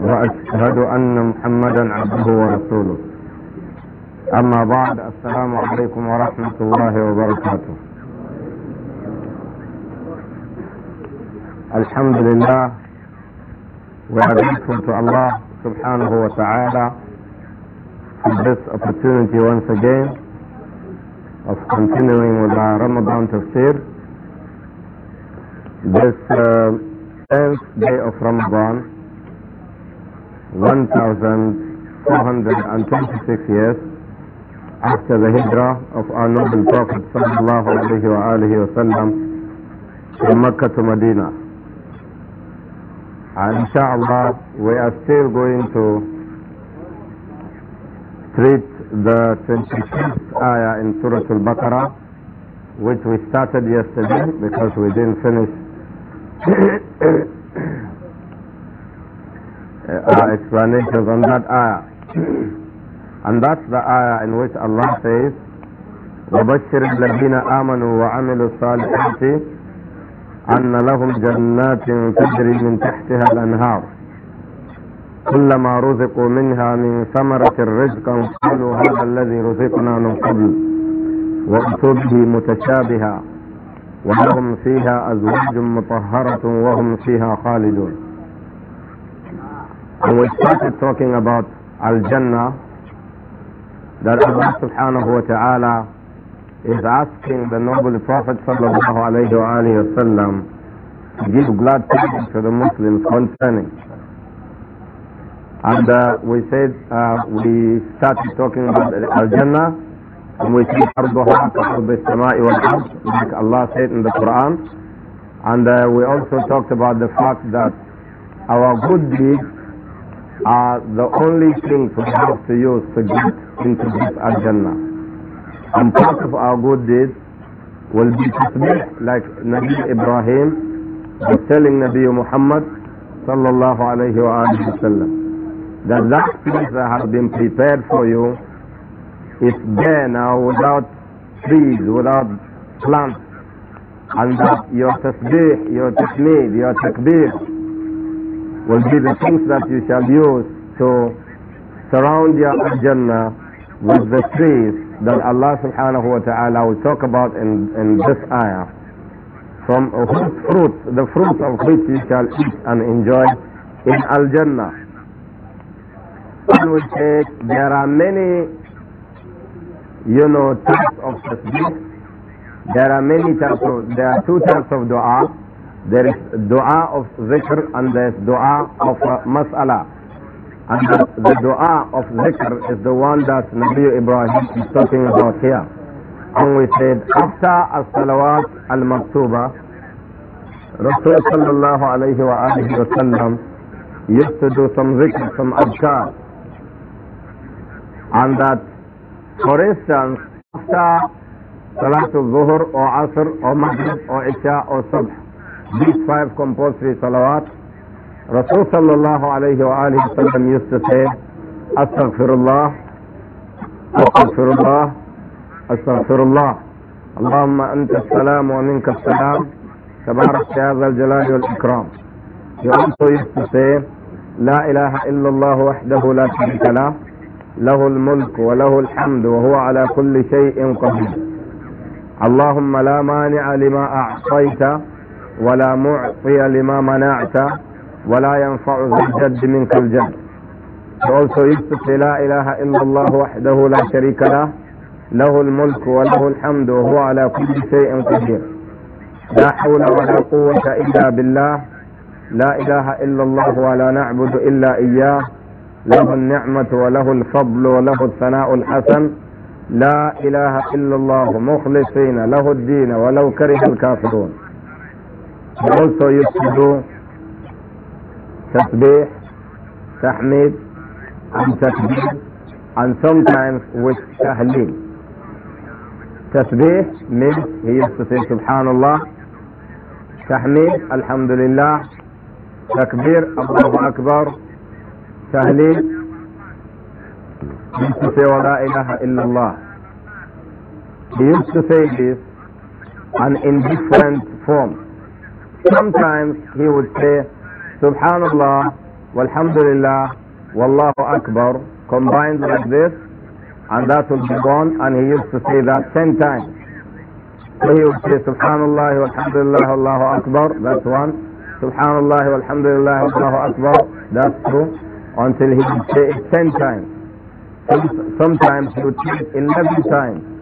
وأشهد أن محمدا عبده ورسوله أما بعد السلام عليكم ورحمة الله وبركاته الحمد لله وعليكم to الله سبحانه وتعالى في this opportunity once again of continuing with our Ramadan tafsir this uh, 10th day of Ramadan 1,426 years after the hijrah of our noble Prophet sallallahu alaihi wasallam from Mecca to Medina. And inshallah, we are still going to treat the 25th ayah in Surah Al-Baqarah, which we started yesterday because we didn't finish uh, explanations on that ayah. And that's the ayah in which Allah says, وبشر الذين آمنوا وعملوا الصالحات أن لهم جنات تجري من تحتها الأنهار كلما رزقوا منها من ثمرة رزقا قالوا هذا الذي رزقنا من قبل وأتوا به متشابها ولهم فيها أزواج مطهرة وهم فيها خالدون And we started talking about Al-Jannah, that Allah subhanahu wa ta'ala is asking the noble Prophet sallallahu alayhi wa sallam to give glad tidings to the Muslims concerning. And uh, we said, uh, we started talking about Al-Jannah, and we said, like Allah said in the Quran. And uh, we also talked about the fact that our good deeds are the only things we have to use to get into this Al-Jannah. And part of our good deeds will be tasbih, like Nabi Ibrahim was telling Nabi Muhammad sallallahu alayhi wa sallam that that place that has been prepared for you is there now without trees, without plants, and that your tasbih, your tasmeed, your takbir, will be the things that you shall use to surround your Jannah with the trees that Allah subhanahu wa ta'ala will talk about in, in this ayah. From whose fruits, the fruits of which you shall eat and enjoy in Al Jannah. One will say there are many, you know, types of tasbih. There are many types of, there are two types of dua. There is dua of zikr and there is dua of uh, mas'ala. And the, the dua of zikr is the one that Nabi Ibrahim is talking about here. And we said, after as-salawat al-maktuba, Rasulullah sallallahu alayhi wa alihi wa sallam used to do some zikr, some adhkar. And that, for instance, after Salatul Zuhur or Asr or Maghrib or Isha or Subh, these five compulsory salawat, Rasul sallallahu alayhi wa alayhi wa sallam used to say, Astaghfirullah, Astaghfirullah, Astaghfirullah. Allahumma anta salam wa minka salam, tabarak ya zal jalali wal ikram. He also used to say, لا إله إلا الله وحده لا شريك له له الملك وله الحمد وهو على كل شيء قدير اللهم لا مانع لما أعطيت ولا معطي لما منعت ولا ينفع ذا الجد منك الجد He also لا إله إلا الله وحده لا شريك له له الملك وله الحمد وهو على كل شيء قدير لا حول ولا قوة إلا بالله لا إله إلا الله ولا نعبد إلا إياه له النعمة وله الفضل وله الثناء الحسن لا إله إلا الله مخلصين له الدين ولو كره الكافرون They also used to do tasbih, tahmid, and tasbih, and sometimes with tahleel. Tasbih means he used to say Subhanallah, tahmid, Alhamdulillah, takbir, Allahu Akbar, tahleel, used to say "Wa la ilaha illallah." He used to say this and in different forms. Sometimes he would say, Subhanallah, Walhamdulillah, Wallahu Akbar, combined like this, and that would be one, and he used to say that ten times. So he would say, Subhanallah, Walhamdulillah, Wallahu Akbar, that's one. Subhanallah, Walhamdulillah, Wallahu Akbar, that's two, until he would say it ten times. Sometimes he would say it eleven times.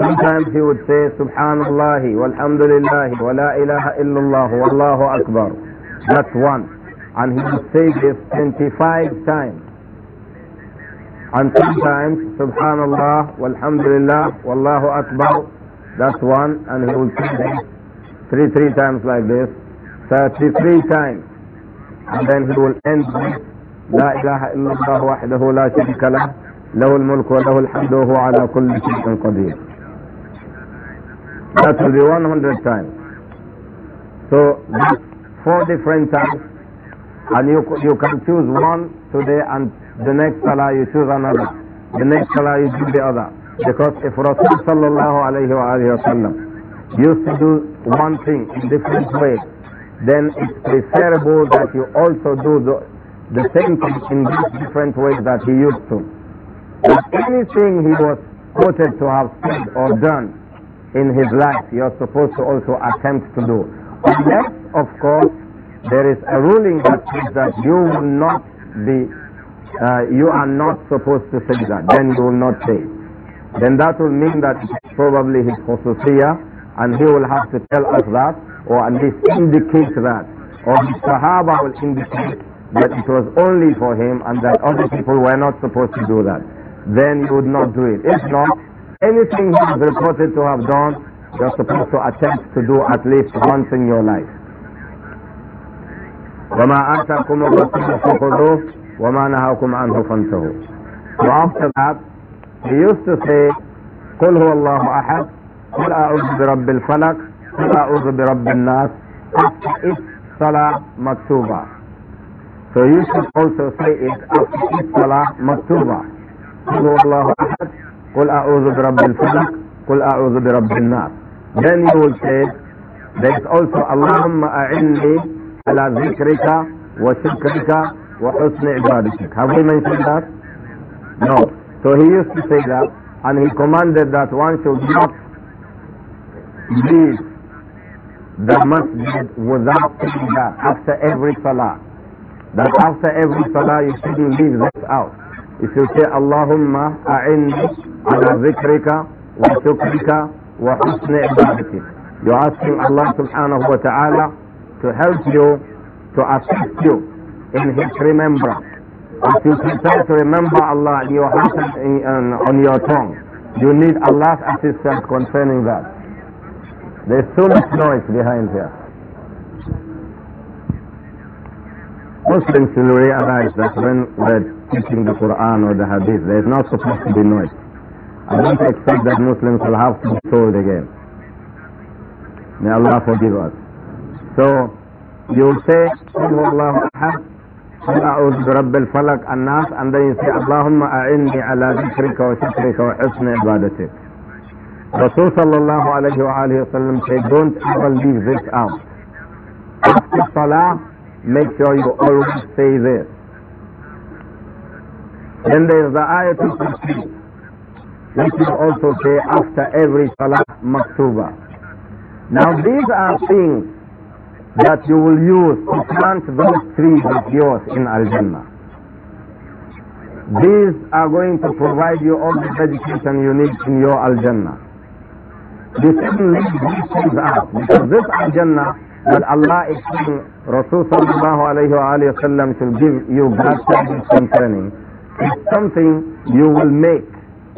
Sometimes he would say, Subhanallah, walhamdulillah, wa la ilaha illallah, wallahu akbar. That's one. And he would say this 25 times. And sometimes, Subhanallah, walhamdulillah, wallahu akbar. That's one. And he would say this three, three times like this. 33 times. And then he will end with, لا إله إلا الله وحده لا شريك له له الملك وله الحمد وهو على كل شيء قدير that will be 100 times. So that's four different times. And you, you can choose one today and the next salah you choose another. The next salah you choose the other. Because if Rasul sallallahu alayhi wa used to do one thing in different ways, then it's preferable that you also do the, the same thing in different ways that he used to. If anything he was quoted to have said or done in his life you're supposed to also attempt to do. Unless, of course, there is a ruling that says that you will not be, uh, you are not supposed to say that, then you will not say Then that will mean that it's probably his khususiyah and he will have to tell us that or at least indicate that. Or the Sahaba will indicate that it was only for him and that other people were not supposed to do that. Then you would not do it. If not, anything he is reported to have done, you're supposed to attempt to do at least once in your life. وما آتاكم الرسول فخذوه وما نهاكم عنه فانتهوا. So after that, he used to say, قل هو الله أحد قل أعوذ برب الفلق قل أعوذ برب الناس after each salah maktuba. So you should also say it after each salah maktuba. قل هو الله أحد قل أعوذ برب الفلق قل أعوذ برب النار then you will say there is also اللهم أعني على ذكرك وشكرك وحسن عبادتك have we mentioned that? no so he used to say that and he commanded that one should not leave the masjid without saying that after every salah that after every salah you shouldn't leave this out you say Allahumma a'inni على ذكرك وشكرك وحسن عبادتك you ask him Allah subhanahu wa ta'ala to help you to assist you in his remembrance if you try to remember Allah in your heart and on your tongue you need Allah's assistance concerning that there's so much noise behind here Muslims will realize that when we're teaching the Quran or the Hadith, there's not supposed to be noise. I don't expect that Muslims will have to be sold again. May Allah forgive us. So, you say, قل هو الله أحد قل أعوذ and then you say اللهم أعني على ذكرك wa وحسن عبادتك Rasul sallallahu alayhi wa alayhi wa sallam said, don't ever leave this out. After salah, make sure you always say this. Then there is the ayatul kursi. Let you also say after every salah maktuba. Now these are things that you will use to plant those trees of yours in Al-Jannah. These are going to provide you all the education you need in your Al-Jannah. This shouldn't these things out because this Al-Jannah that Allah is saying Rasul sallallahu alayhi wa should give you gratis concerning is something you will make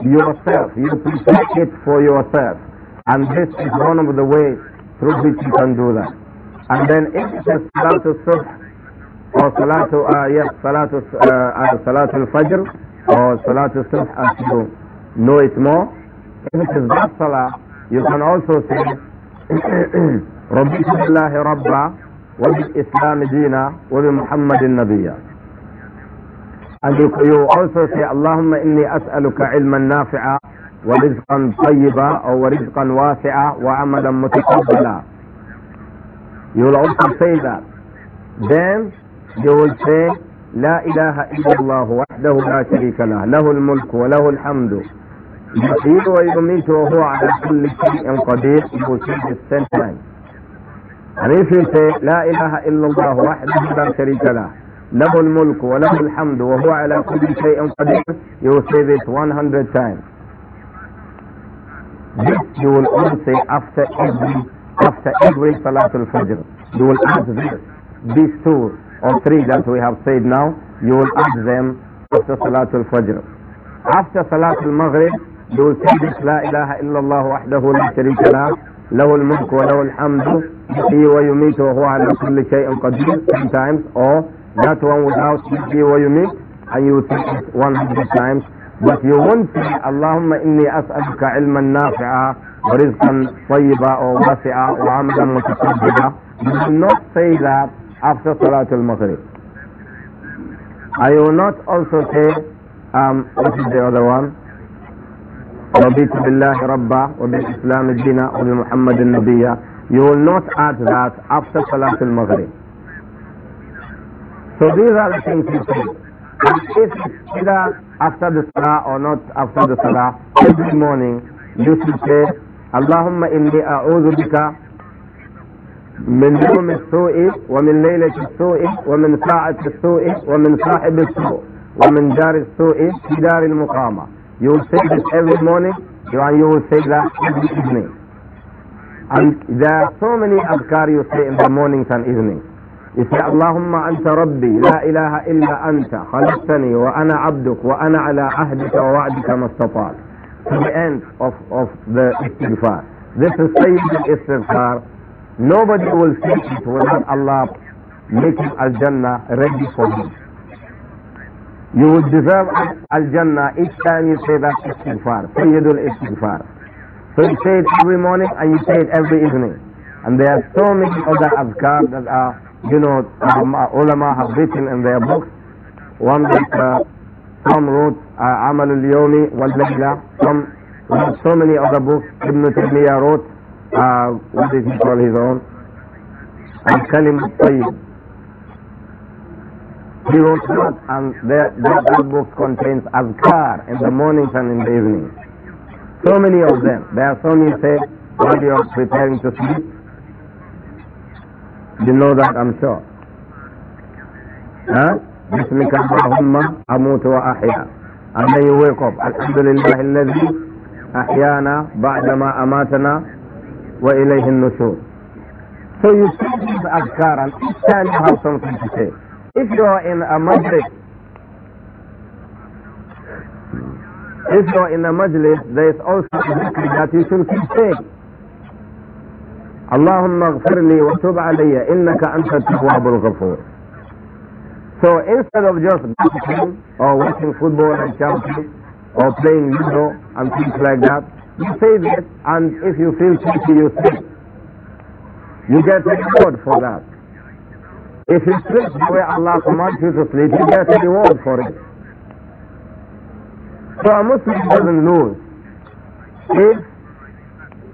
yourself. You protect it for yourself. And this is one of the ways through which you can do that. And then if it is Salatu Subh or Salatu, uh, yes, Salatu, uh, uh, Salatu Al-Fajr or Salatu Subh as you know it more, if it is that Salah, you can also say, رضيت بالله ربا وبالإسلام دينا وبمحمد نبيا also say أيوة. اللهم إني أسألك علما نافعا ورزقا طيبا أو ورزقا واسعا وعملا متقبلا you will also say that then you will say لا إله إلا الله وحده لا شريك له له الملك وله الحمد يحيي ويميت وهو على كل شيء قدير يقول the and if you say لا إله إلا الله وحده لا شريك له له الملك وله الحمد وهو على كل شيء قدير you will say this 100 times this you will all say after every after every Salatul Fajr you will add this these two or three that we have said now you will add them after Salatul Fajr after Salatul Maghrib you will say this لا إله إلا الله وحده لا شريك له له الملك وله الحمد يحيي ويميت وهو على كل شيء قدير times or that one without you see what you mean, and you take it 100 times but you won't say Allahumma inni as'aluka ilman nafi'a wa rizqan tayyiba or wasi'a wa amdan mutasabbida you will not say that after Salatul Maghrib I will not also say um, what is the other one رضيت بالله ربا وبالإسلام دينا وبمحمد النبي you will not add that after Salatul Maghrib so these are the things you say. And if either after the salah or not after the salah, every morning you should say, "Allahumma inni bika اللهم إني أعوذ wa min يوم السوء ومن ليلة السوء ومن ساعة السوء ومن صاحب السوء ومن دار السوء dar al-muqama." You will say this every morning and you will say that every evening. And there are so many adhkar you say in the mornings and evenings. يقول اللهم أنت ربي لا إله إلا أنت خلقتني وأنا عبدك وأنا على عهدك ووعدك ما استطعت to the end of, of the istighfar this is Sayyid istighfar nobody will say it without Allah making Al-Jannah ready for him you will deserve Al-Jannah each time you say that istighfar Sayyidul istighfar so you say it every morning and you say it every evening and there are so many other azkar that are you know, the um, uh, ulama have written in their books, one that uh, some wrote uh, Amal al yomi wal-Layla, some wrote so many other books, Ibn Taymiyyah wrote, uh, what did he call his own? Al-Kalim al-Tayyib. He wrote that and that, that book contains azkar in the mornings and in the evenings. So many of them. There are so many say, while you are preparing to sleep, you know that, I'm sure. Huh? بسمك اللهم أموت وأحيا and then you wake up الحمد لله الذي أحيانا بعدما أماتنا وإليه النشور so you say these adhkar and each time you have something to say if you are in a majlis if you are in a majlis there is also a that you should keep saying اللهم اغفر لي وتب علي إنك أنت التواب الغفور So instead of just gossiping or watching football and jumping or playing judo and things like that, you say this and if you feel guilty you sleep. You get a reward for that. If you sleep the way Allah commands you to sleep, you get a reward for it. So a Muslim doesn't lose if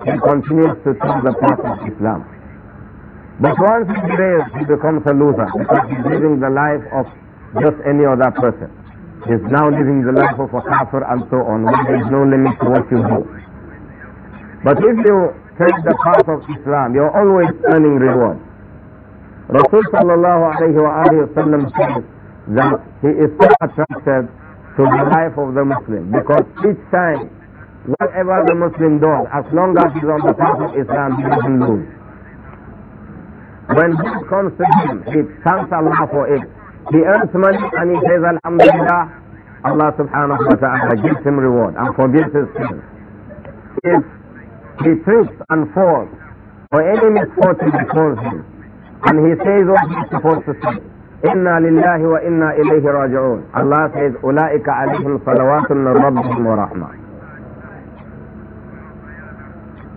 he continues to take the path of Islam. But once he fails, he becomes a loser because he's living the life of just any other person. He's now living the life of a kafir and so on, where there's no limit to what you do. But if you take the path of Islam, you're always earning reward. Rasul sallallahu alayhi wa sallam says that he is so attracted to the life of the Muslim because each time Whatever the Muslim does, as long as he's on the path of Islam, he doesn't lose. When good comes to him, he thanks Allah for it. He earns money and he says, Alhamdulillah, Allah subhanahu wa ta'ala gives him reward and forgives his sins. If he trips and falls, or any misfortune befalls him, and he says what he's supposed to say, Lillahi wa Inna إليه راجعون Allah says Ulaika عليهم Salawatun من ربهم ورحمة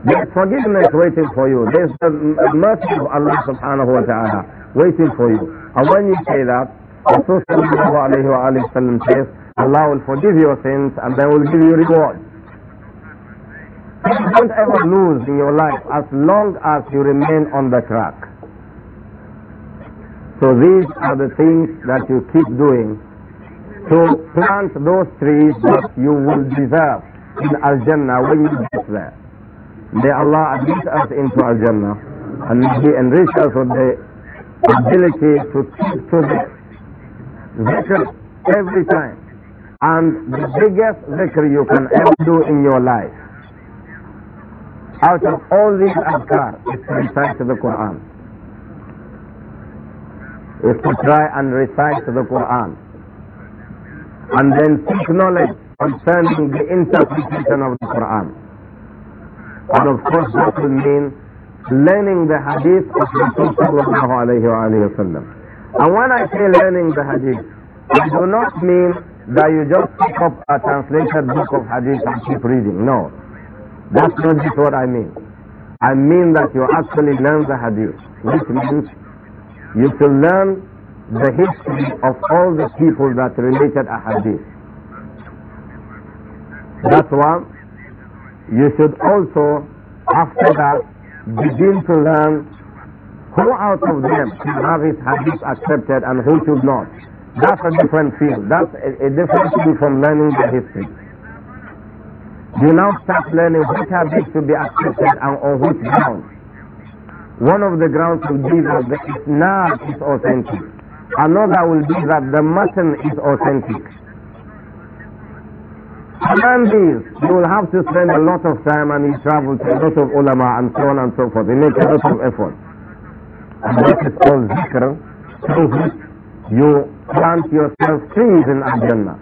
there's forgiveness waiting for you. There's the mercy of Allah subhanahu wa ta'ala waiting for you. And when you say that, Rasul says, Allah will forgive your sins and then will give you reward. You don't ever lose in your life as long as you remain on the track. So these are the things that you keep doing to plant those trees that you will deserve in Al-Jannah when you get there. May Allah admit us into Al-Jannah and may He enrich us with the ability to keep to zikr every time. And the biggest zikr you can ever do in your life, out of all these adhkar, is to recite the Quran. Is to try and recite the Quran. And then seek knowledge concerning the interpretation of the Quran. And of course that will mean learning the hadith of Rasul And when I say learning the hadith, I do not mean that you just pick up a translated book of hadith and keep reading. No. That's not just what I mean. I mean that you actually learn the hadith, which means you should learn the history of all the people that related a hadith. That's why you should also, after that, begin to learn who out of them should have his hadith accepted and who should not. That's a different field. That's a, a different thing from learning the history. You now start learning which hadith should be accepted and on which grounds. One of the grounds will be that the isnad is authentic. Another will be that the mutton is authentic. Learn these, you will have to spend a lot of time and you travel to a lot of ulama and so on and so forth. You make a lot of effort. And that is called zikr, through which you plant yourself trees in Al-Jannah.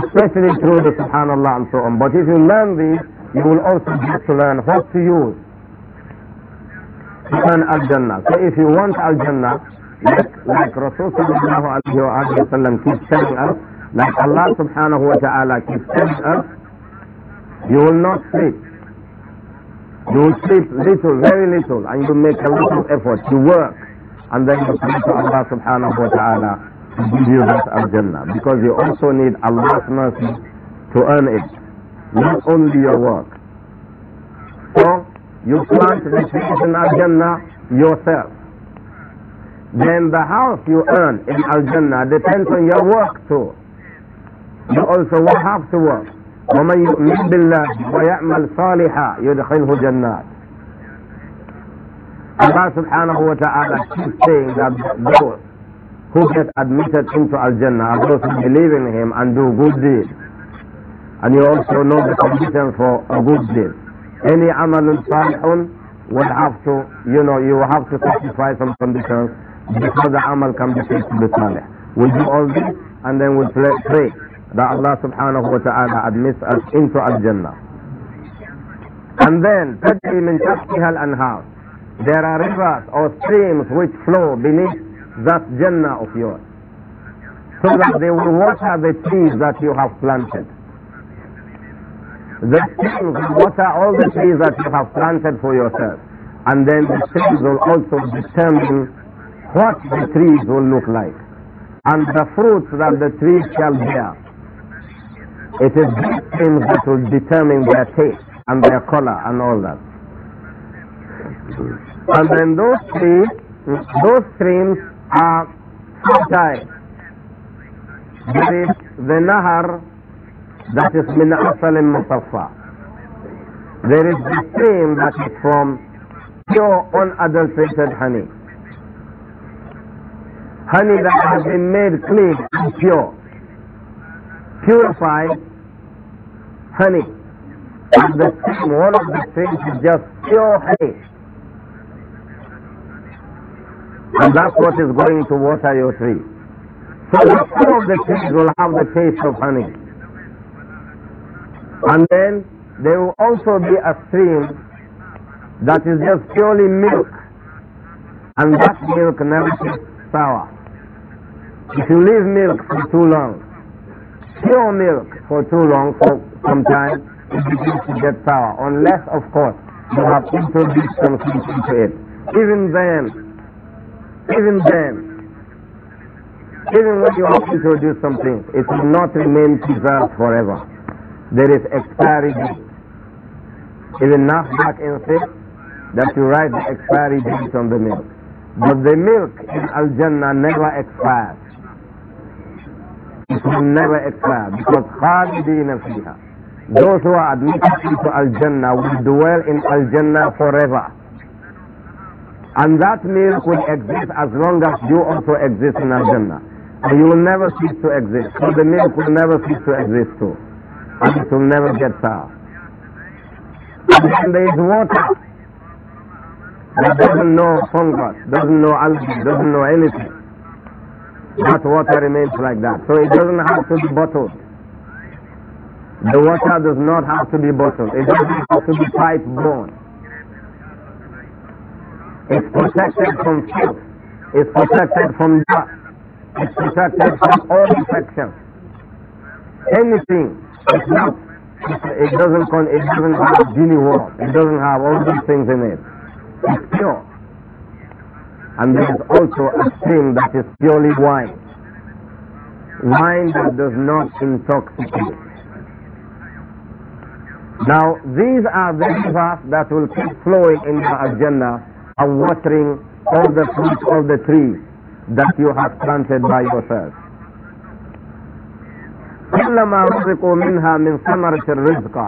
Especially through the subhanallah and so on. But if you learn these, you will also get to learn what to use to earn Al-Jannah. So if you want Al-Jannah, like, like Rasulullah keeps telling us, like Allah subhanahu wa ta'ala keeps telling us, you will not sleep. You will sleep little, very little, and you make a little effort to work, and then you sleep." to Allah subhanahu wa ta'ala to give you that al-Jannah. Because you also need Allah's mercy to earn it, not only your work. So, you plant the seeds in al-Jannah yourself. Then the house you earn in al-Jannah depends on your work too. You also will have to work. ومن يؤمن بالله ويعمل صالحا يدخله جنات Allah subhanahu wa ta'ala keeps saying that those who get admitted into Al-Jannah are those who believe in Him and do good deeds. And you also know the condition for a good deed. Any amalun salihun will have to, you know, you have to satisfy some conditions before the amal can be said to be salih. we do all this and then we'll pray that Allah subhanahu wa ta'ala admits us into Al-Jannah. And then, مِنْ تَحْتِهَا الْأَنْهَارِ There are rivers or streams which flow beneath that Jannah of yours. So that they will water the trees that you have planted. The streams will water all the trees that you have planted for yourself. And then the trees will also determine what the trees will look like and the fruits that the trees shall bear. It is these things that will determine their taste and their color and all that. And then those three, those streams are two There is the Nahar that is min asal musaffa. There is the stream that is from pure unadulterated honey. Honey that has been made clean and pure, purified honey. And the same, one of the things is just pure honey. And that's what is going to water your tree. So the two of the trees will have the taste of honey. And then there will also be a stream that is just purely milk. And that milk never tastes sour. If you leave milk for too long, pure milk for too long, for sometimes it begins to get sour, unless, of course, you have introduced something into it. Even then, even then, even when you have introduced something, it will not remain preserved forever. There is expiry date. Even Nasdaq insists that you write the expiry date on the milk. But the milk in Al Jannah never expires. It will never expire because خالدين فيها those who are admitted into Al-Jannah will dwell in Al-Jannah forever. And that milk will exist as long as you also exist in Al-Jannah. And you will never cease to exist. So the milk will never cease to exist too. And it will never get sour. And there is water that doesn't know fungus, doesn't know algae, doesn't know anything. That water remains like that. So it doesn't have to be bottled. The water does not have to be bottled. It doesn't have to be pipe borne. It's protected from filth. It's protected from dust. It's protected from all infections. Anything is not it doesn't con- it doesn't have genie water. It doesn't have all these things in it. It's pure. And there is also a thing that is purely wine. Wine that does not intoxicate. Now, these are the paths that will keep flowing in the agenda, and watering all the fruits of the tree that you have planted by yourself.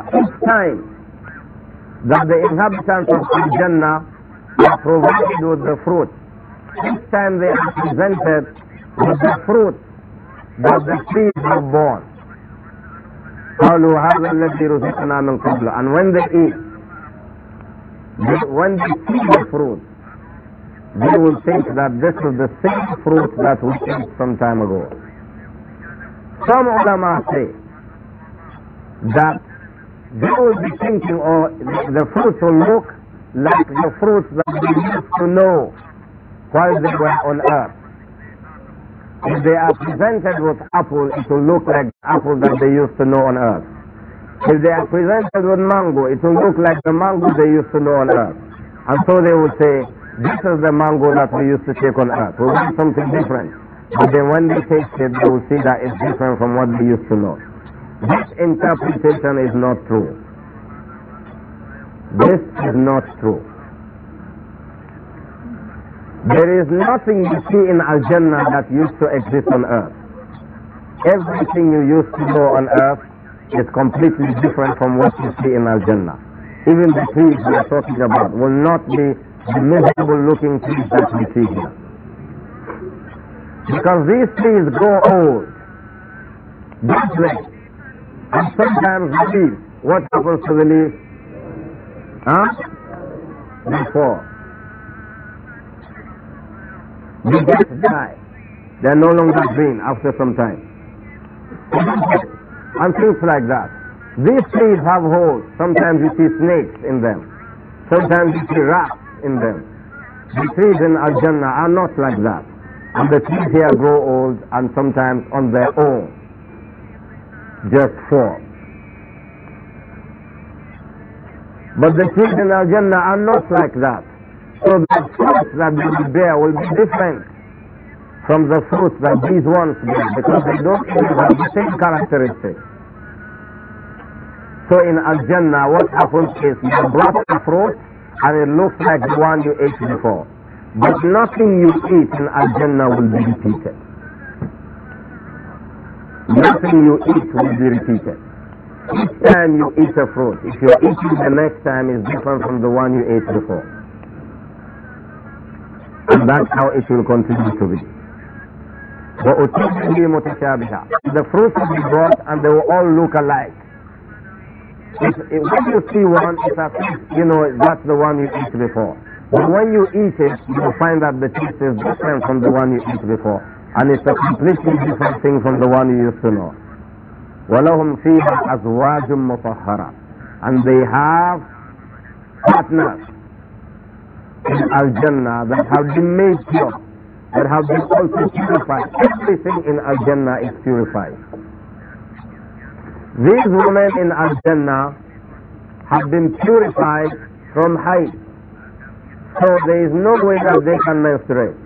each time that the inhabitants of Jannah are provided with the fruit each time they are presented with the fruit that the trees have borne قالوا هذا الذي رزقنا من قبل and when they eat when they see the fruit they will think that this is the same fruit that we ate some time ago some ulama say that they will be thinking or oh, the fruit will look like the fruits that they used to know while they were on earth if they are presented with apple, it will look like apple that they used to know on earth. If they are presented with mango, it will look like the mango they used to know on earth. And so they would say, this is the mango that we used to take on earth. We want something different. But then when they taste it, they will see that it's different from what they used to know. This interpretation is not true. This is not true. There is nothing you see in Al-Jannah that used to exist on earth. Everything you used to know on earth is completely different from what you see in Al-Jannah. Even the trees we are talking about will not be the miserable looking trees that we see here. Because these trees grow old, deathless, and sometimes the leaves. What happens to the leaves? Huh? They fall. They just die. They are no longer green after some time. And things like that. These trees have holes. Sometimes you see snakes in them. Sometimes you see rats in them. The trees in Al are not like that. And the trees here grow old and sometimes on their own just fall. But the trees in Al are not like that. So the fruit that they will bear will be different from the fruit that these ones bear because they don't have the same characteristics. So in Al Jannah, what happens is you brought a fruit and it looks like the one you ate before. But nothing you eat in Al Jannah will be repeated. Nothing you eat will be repeated. Each time you eat a fruit, if you're eating the next time, is different from the one you ate before. And that's how it will continue to be. The fruits will be brought and they will all look alike. If, if, when you see one, it's as you know that's the one you eat before. But when you eat it, you will find that the taste is different from the one you eat before. And it's a completely different thing from the one you used to know. وَلَهُمْ فِيهَا أَزْوَاجٌ مُطَهَّرَةٌ And they have partners in Al-Jannah that have been made pure, that have been also purified. Everything in Al-Jannah is purified. These women in Al-Jannah have been purified from height. So there is no way that they can menstruate.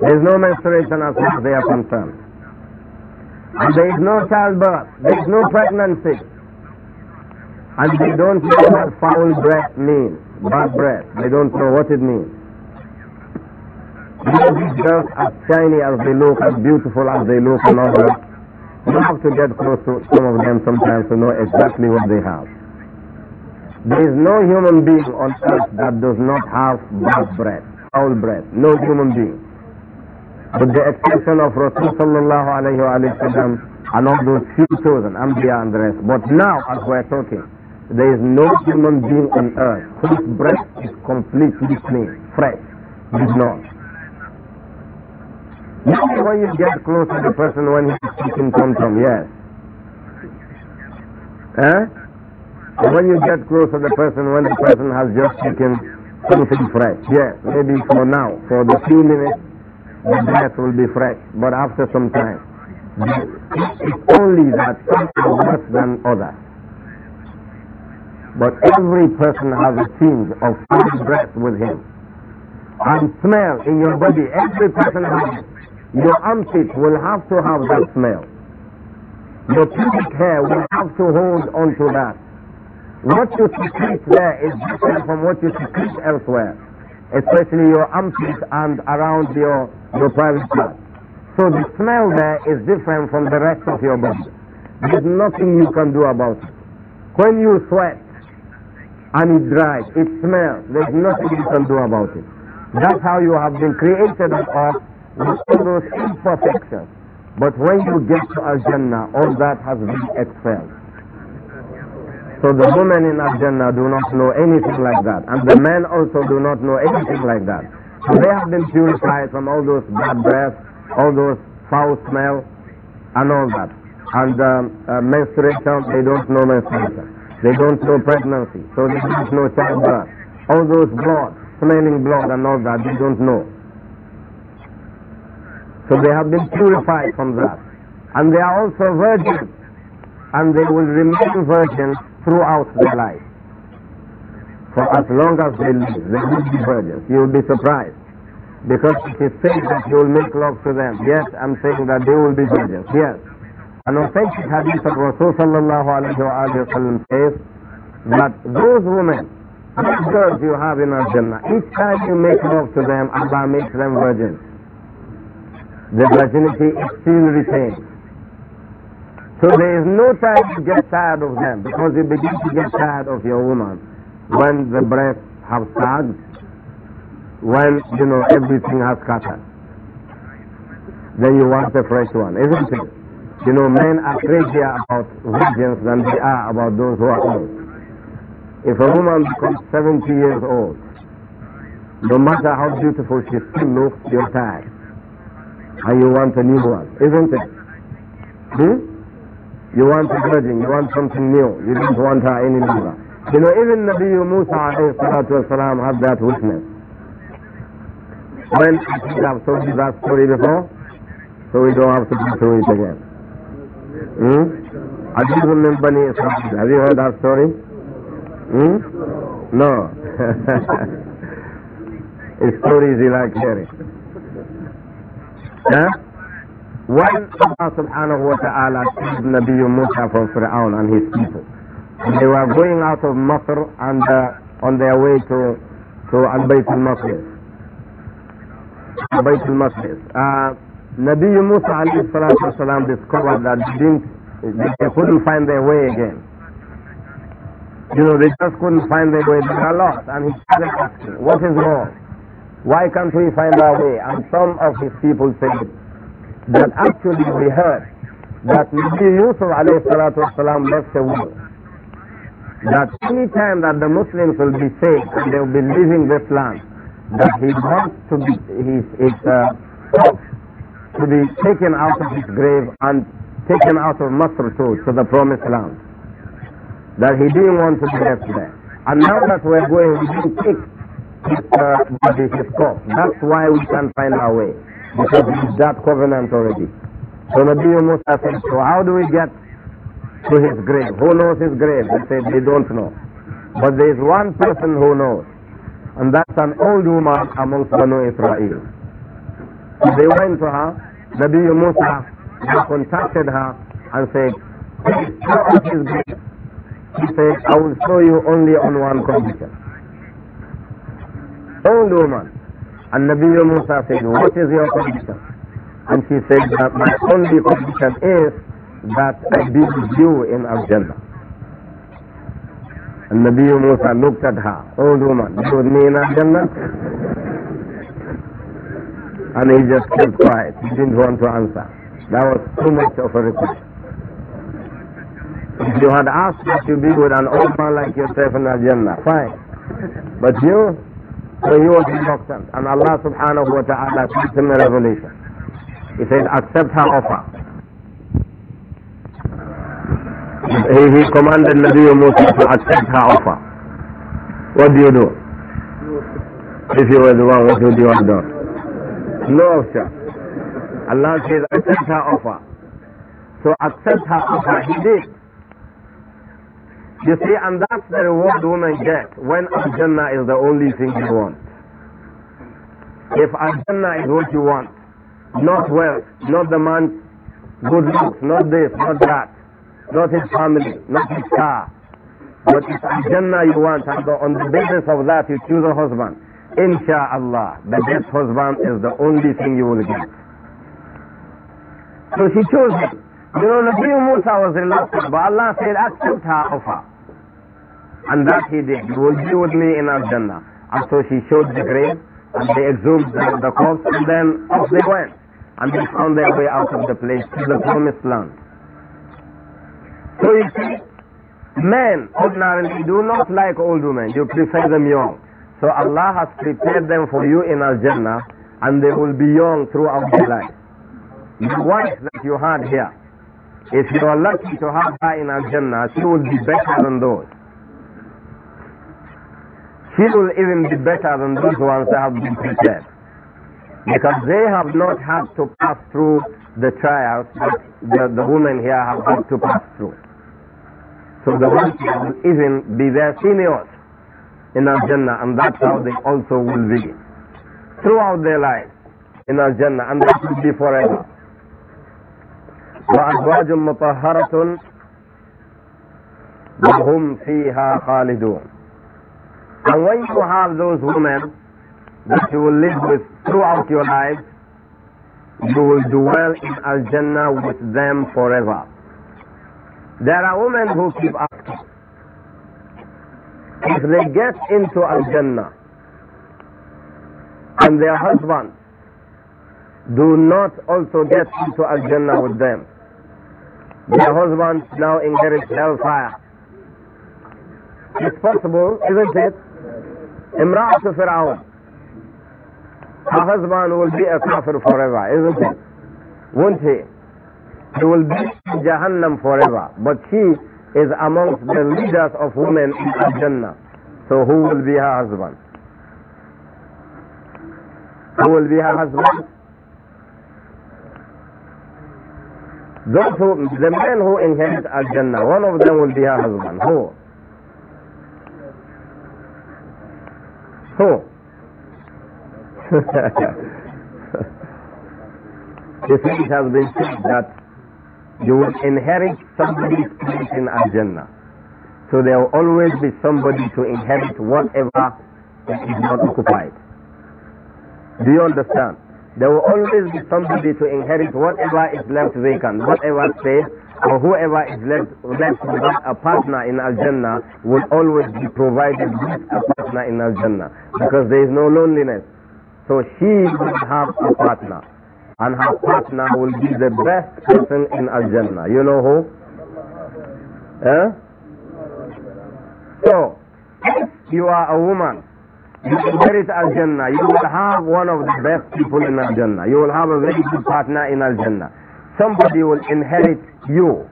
There is no menstruation as far as they are concerned. And there is no childbirth. There is no pregnancy. And they don't know what foul breath means bad breath. They don't know what it means. these girls, as shiny as they look, as beautiful as they look, and all that, you have to get close to some of them sometimes to know exactly what they have. There is no human being on earth that does not have bad breath, foul breath. No human being. With the exception of Rasulullah sallallahu and all those few chosen, Anbiya and the rest. But now, as we're talking, there is no human being on earth whose breath is completely clean, fresh, did not. Maybe when you get close to the person when is speaking tantrum, yes. Eh? when you get close to the person when the person has just taken something fresh, yes, maybe for now, for the few minutes, the breath will be fresh, but after some time, it's only that some are worse than others. But every person has a change of foul breath with him. And smell in your body, every person has it. Your armpit will have to have that smell. Your pubic hair will have to hold onto that. What you secrete there is different from what you secrete elsewhere, especially your armpits and around your, your private part. So the smell there is different from the rest of your body. There's nothing you can do about it. When you sweat, and it dries, it smells. There's nothing you can do about it. That's how you have been created on earth with all those imperfections. But when you get to Al-Jannah, all that has been expelled. So the women in Al-Jannah do not know anything like that. And the men also do not know anything like that. So they have been purified from all those bad breath, all those foul smell, and all that. And um, uh, menstruation, they don't know menstruation. They don't know pregnancy, so they don't know childbirth. All those blood, smelling blood and all that, they don't know. So they have been purified from that. And they are also virgins. And they will remain virgins throughout their life. For as long as they live, they will be virgins. You will be surprised. Because it is said that you will make love to them. Yes, I'm saying that they will be virgins. Yes. An authentic hadith of Rasul sallallahu alayhi wa sallam says that those women, those girls you have in our Jannah, each time you make love to them, Allah makes them virgins. The virginity is still retained. So there is no time to get tired of them because you begin to get tired of your woman when the breasts have sagged, when, you know, everything has scattered. Then you want a fresh one, isn't it? You know, men are crazier about virgins than they are about those who are old. If a woman becomes 70 years old, no matter how beautiful she still looks, you're tired. And you want a new one, isn't it? Hmm? You want a virgin, you want something new, you don't want her any longer. You know, even Nabi Musa والسلام, had that witness. Well, I think I've told you that story before, so we don't have to go through it again. Hmm? Ajibun min Bani Israel. Have you heard that story? Hmm? No. His stories you like hearing. Huh? When Allah subhanahu wa ta'ala saved Nabi Musa from Fir'aun and his people, they were going out of Masr and uh, on their way to, to Al-Bayt al-Maqdis. Al-Bayt al-Maqdis. Uh, Nabi Musa والسلام, discovered that they, didn't, they couldn't find their way again. You know, they just couldn't find their way. They are lost. And he started asking, what is wrong? Why can't we find our way? And some of his people said that actually we heard that Nabi Yusuf والسلام, left a will. That any time that the Muslims will be saved and they will be leaving this land, that he wants to be, his, his uh, to be taken out of his grave and taken out of Masr too, to the promised land. That he didn't want to be left there. And now that we're going, we didn't take his uh, his corpse. That's why we can find our way. Because it's that covenant already. So Nabi Musa said, so how do we get to his grave? Who knows his grave? They said, they don't know. But there is one person who knows. And that's an old woman amongst Banu Israel. they went to her Nabi Musa contacted her and said, He said, I will show you only on one condition. Old woman. And Nabi Musa said, What is your condition? And she said that my only condition is that I be with you in Al Jannah. And Nabi Musa looked at her, old woman, you with in Al Jannah? And he just kept quiet. He didn't want to answer. That was too much of a request. If you had asked me to be with an old man like yourself in Jannah, fine. But you, so he was reluctant. And Allah subhanahu wa ta'ala sent him a revelation. He said, accept her offer. He, he commanded Nabi Musa to accept her offer. What do you do? If you were the one, what would you have done? No option. Allah says, accept her offer. So accept her offer. He did. You see, and that's the reward women get when ajnana is the only thing you want. If ajnana is what you want, not wealth, not the man's good looks, not this, not that, not his family, not his car, but it's al you want, and on the basis of that you choose a husband. Insha'Allah, the best husband is the only thing you will get. So she chose him. You know, Nabi Musa was reluctant, but Allah said, accept her offer. And that he did. You will be with me in Al-Jannah. And so she showed the grave, and they exhumed the, the corpse, and then off they went. And they found their way out of the place to the promised land. So you see, men ordinarily do not like old women. You prefer them young. So Allah has prepared them for you in Al-Jannah and they will be young throughout their life. The wife that you had here, if you are lucky to have her in Al-Jannah, she will be better than those. She will even be better than those ones that have been prepared. Because they have not had to pass through the trials that the, the women here have had to pass through. So the ones will even be their seniors in Al Jannah, and that's how they also will be throughout their lives in Al Jannah, and that will be forever. وأزواج مطهرة وهم فيها خالدون And when you have those women that you will live with throughout your life, you will dwell in Al Jannah with them forever. There are women who keep asking, if they get into Al-Jannah and their husbands do not also get into Al-Jannah with them, their husbands now inherit hellfire. It's possible, isn't it? Imra'at Fir'aun. Her husband will be a kafir forever, isn't it? Won't he? He will be in Jahannam forever. But she is amongst the leaders of women in Jannah. So who will be her husband? Who will be her husband? Those who, the men who inherit Al-Jannah, one of them will be her husband. Who? Who? The see, has been said that you will inherit somebody's place in Al-Jannah. So there will always be somebody to inherit whatever is not occupied. Do you understand? There will always be somebody to inherit whatever is left vacant, whatever space, or whoever is left, left without a partner in Al Jannah will always be provided with a partner in Al Jannah because there is no loneliness. So she will have a partner and her partner will be the best person in Al Jannah. You know who? Eh? So, if you are a woman, you inherit Al Jannah, you will have one of the best people in Al Jannah. You will have a very good partner in Al Jannah. Somebody will inherit you.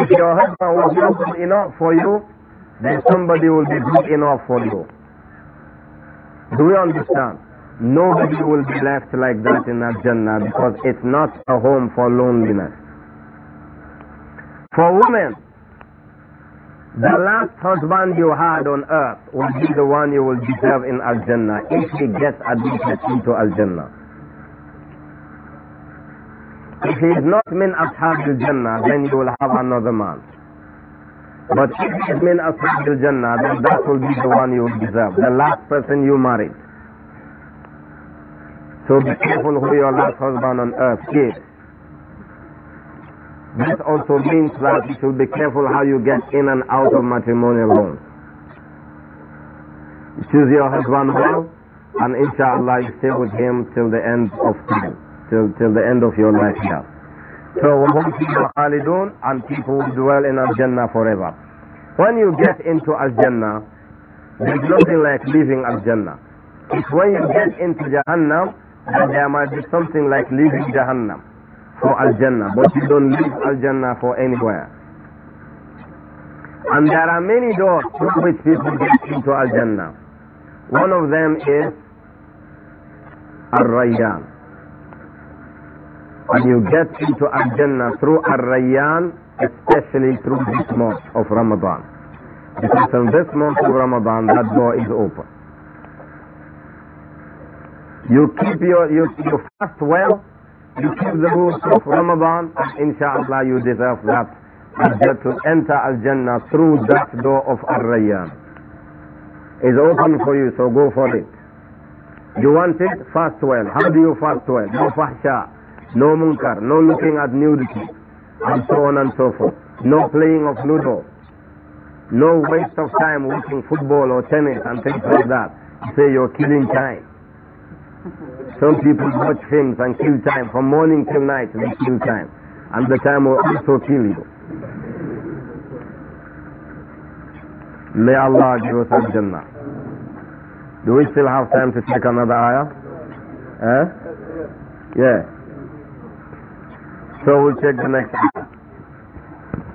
If your husband was not good enough for you, then somebody will be good enough for you. Do we understand? Nobody will be left like that in Al-Jannah because it's not a home for loneliness. For women, the last husband you had on earth will be the one you will deserve in Al-Jannah if he gets admitted into Al-Jannah. If he is not min ashab al-Jannah, then you will have another man. But if he is min ashab al-Jannah, then that will be the one you will deserve, the last person you married. So be careful who your last husband on earth is. This also means that you should be careful how you get in and out of matrimonial homes. choose your husband well, and inshallah you stay with him till the end of time, till, till the end of your life here. So, see your خَالِدُونَ And people will dwell in Al-Jannah forever. When you get into Al-Jannah, there's nothing like leaving Al-Jannah. It's when you get into Jahannam that there might be something like leaving Jahannam for Al Jannah, but you don't leave Al Jannah for anywhere. And there are many doors through which people get into Al Jannah. One of them is Al Rayyan. And you get into Al Jannah through Al Rayyan, especially through this month of Ramadan. Because in this month of Ramadan, that door is open. You keep your, you, you fast well, you keep the rules of Ramadan, and inshallah you deserve that. To enter Al-Jannah through that door of al rayyan It's open for you, so go for it. You want it? Fast well. How do you fast well? No fahsha, no munkar, no looking at nudity, and so on and so forth. No playing of ludo, no waste of time watching football or tennis and things like that. You say you're killing time. Some people watch films and kill time from morning till night and kill time. And the time will also kill you. May Allah give us Jannah. Do we still have time to take another ayah? Eh? Yeah. So we'll check the next ayah.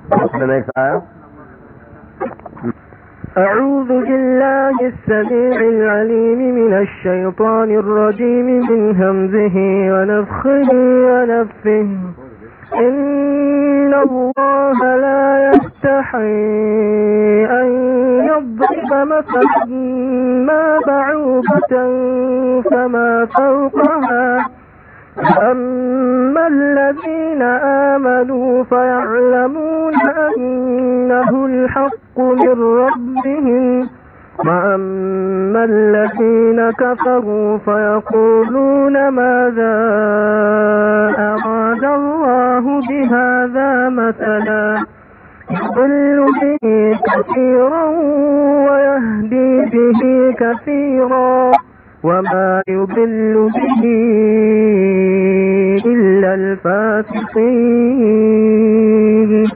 What's the next ayah? أعوذ بالله السميع العليم من الشيطان الرجيم من همزه ونفخه ونفه إن الله لا يستحي أن يضرب مثلا ما بعوبة فما فوقها أما الذين آمنوا فيعلمون أنه الحق الحق من ربهم وأما الذين كفروا فيقولون ماذا أراد الله بهذا مثلا يضل به كثيرا ويهدي به كثيرا وما يضل به إلا الفاسقين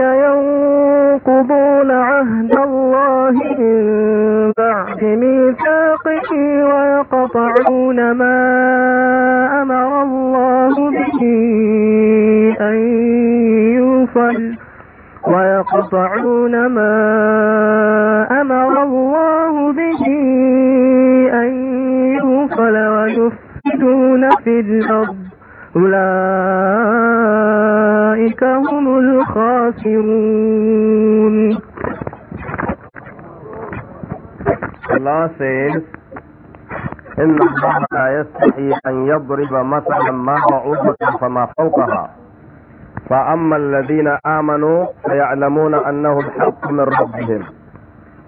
الذين ينقضون عهد الله من بعد ميثاقه ويقطعون ما أمر الله به أن يوصل ويقطعون ما أمر الله به أن يوصل ويفسدون في الأرض أولئك هم الخاسرون الله سيد إن الله لا يستحي أن يضرب مثلا ما بعوضة فما فوقها فأما الذين آمنوا فيعلمون أنه الحق من ربهم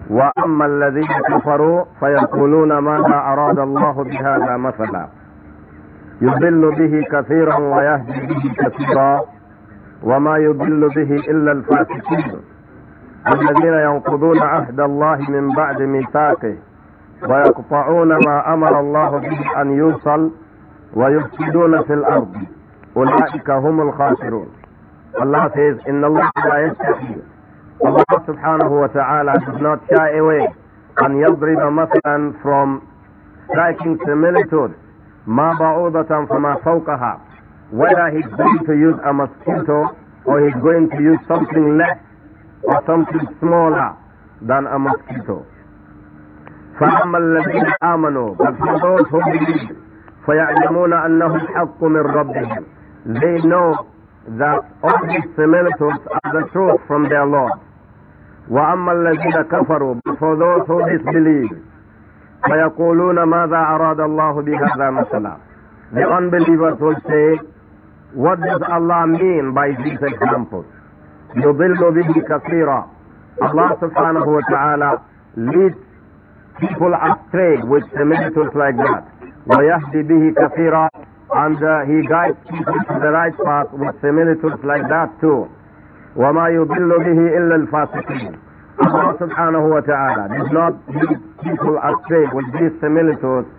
وأما الذين كفروا فيقولون ماذا أراد الله بهذا مثلا يضل به كثيرا ويهدي به كثيرا وما يضل به إلا الفاسقين الذين ينقضون عهد الله من بعد ميثاقه ويقطعون ما أمر الله به أن يوصل ويفسدون في الأرض أولئك هم الخاسرون الله says إن الله لا يستحي الله سبحانه وتعالى does not shy away and يضرب مثلا from striking similitude ma ba'udatan fama fawqaha whether he's going to use a mosquito or he's going to use something less or something smaller than a mosquito. فأما الذين آمنوا but for those who believe فيعلمون أنه الحق من ربهم they know that all these similitudes are the truth from their Lord. وأما الذين كفروا but for those who disbelieve فيقولون ماذا أراد الله بهذا مثلا The unbelievers will say, what does Allah mean by these examples? يضل به كثيرا Allah subhanahu wa ta'ala leads people astray with similitudes like that. ويهدي به كثيرا and uh, he guides people to the right path with similitudes like that too. وما يضل به إلا الفاسقين Allah subhanahu wa ta'ala does not lead people astray with this similitude,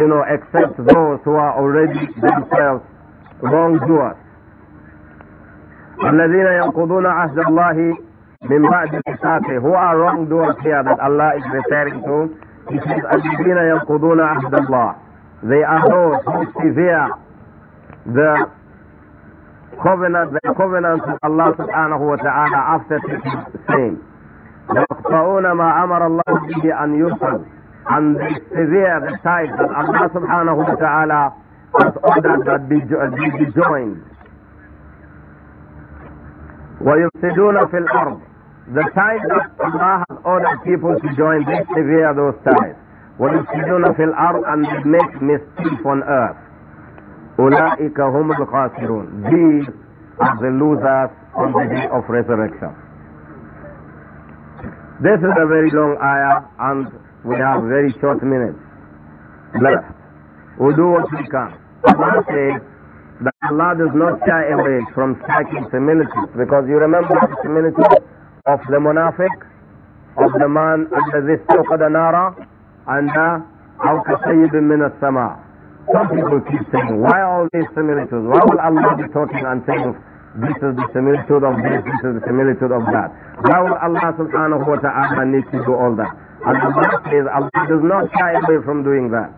you know, except those who are already themselves wrongdoers. الذين ينقضون عهد الله من بعد ميثاقه who are wrongdoers here that Allah is referring to he says الذين ينقضون عهد الله they are those who severe the covenant the covenant of Allah subhanahu wa ta'ala after taking same يقطعون ما أمر الله به أن يصل and they severe the ties that Allah subhanahu wa ta'ala has ordered that be, be, be joined. وَيُفْسِدُونَ فِي الْأَرْضِ The ties that Allah has ordered people to join, they severe those ties. وَيُفْسِدُونَ فِي الْأَرْضِ and they make mischief on earth. أُولَئِكَ هُمُ الْخَاسِرُونَ These are the losers on the day of resurrection. This is a very long ayah and we have very short minutes us. We'll do what we can. Allah says that Allah does not shy away from striking similitudes because you remember the similitude of the munafiq, of the man الذي استوقد nara, and the أو كسيب من السماء. Some people keep saying, why all these similitudes? Why will Allah be talking and saying this is the similitude of this, this is the similitude of that. Why will Allah subhanahu wa ta'ala need to do all that? And the last is, Allah does not shy away from doing that.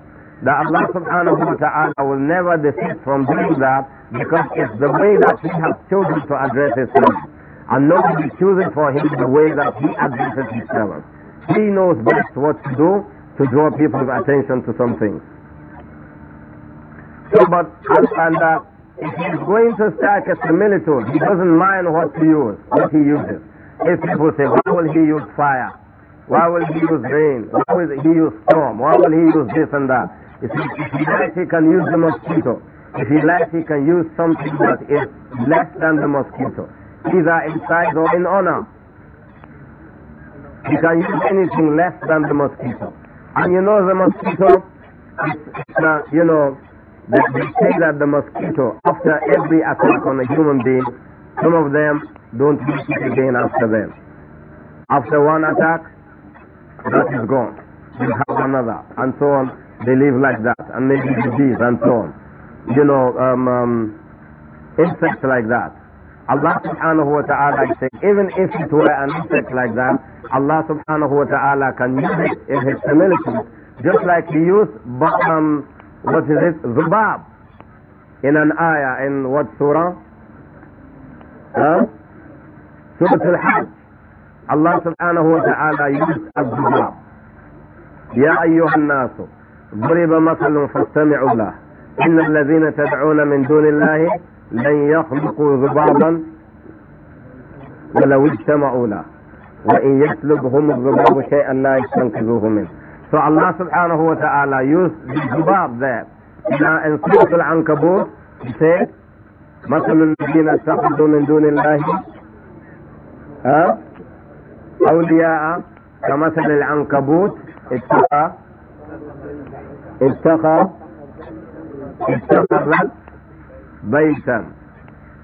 That Allah subhanahu wa ta'ala will never desist from doing that because it's the way that He has chosen to address His servant. And nobody chooses for Him the way that He addresses His servant. He knows best what to do to draw people's attention to something. So, but understand that if he's going to stack a similitude, he doesn't mind what he uses, what he uses. If people say, why will he use fire? Why will he use rain? Why will he use storm? Why will he use this and that? If he, if he likes, he can use the mosquito. If he likes, he can use something that is less than the mosquito, either in size or in honor. He can use anything less than the mosquito. And you know the mosquito, it's, it's, you know, that they say that the mosquito, after every attack on a human being, some of them don't make it again after them. After one attack, that is gone. You have another, and so on. They live like that, and maybe disease, and so on. You know, um, um, insects like that. Allah subhanahu wa ta'ala said, even if it were an insect like that, Allah subhanahu wa ta'ala can use it in His humility, just like He used but, um, What is it? Zubab. In an ayah, in what surah? Huh? Surah Al-Hajj. Allah subhanahu wa ta'ala used الذباب يا أيها الناس ضرب مثل فاستمعوا له إن الذين تدعون من دون الله لن يخلقوا ذبابا ولو اجتمعوا له وإن يسلبهم الذباب شيئا لا يستنقذوه منه So Allah subhanahu wa ta'ala used the jubab there. Now in Surah Al-Ankabut, he said, مثل الذين اتخذوا من دون الله أولياء كمثل العنكبوت اتخذ اتخذ اتخذت بيتا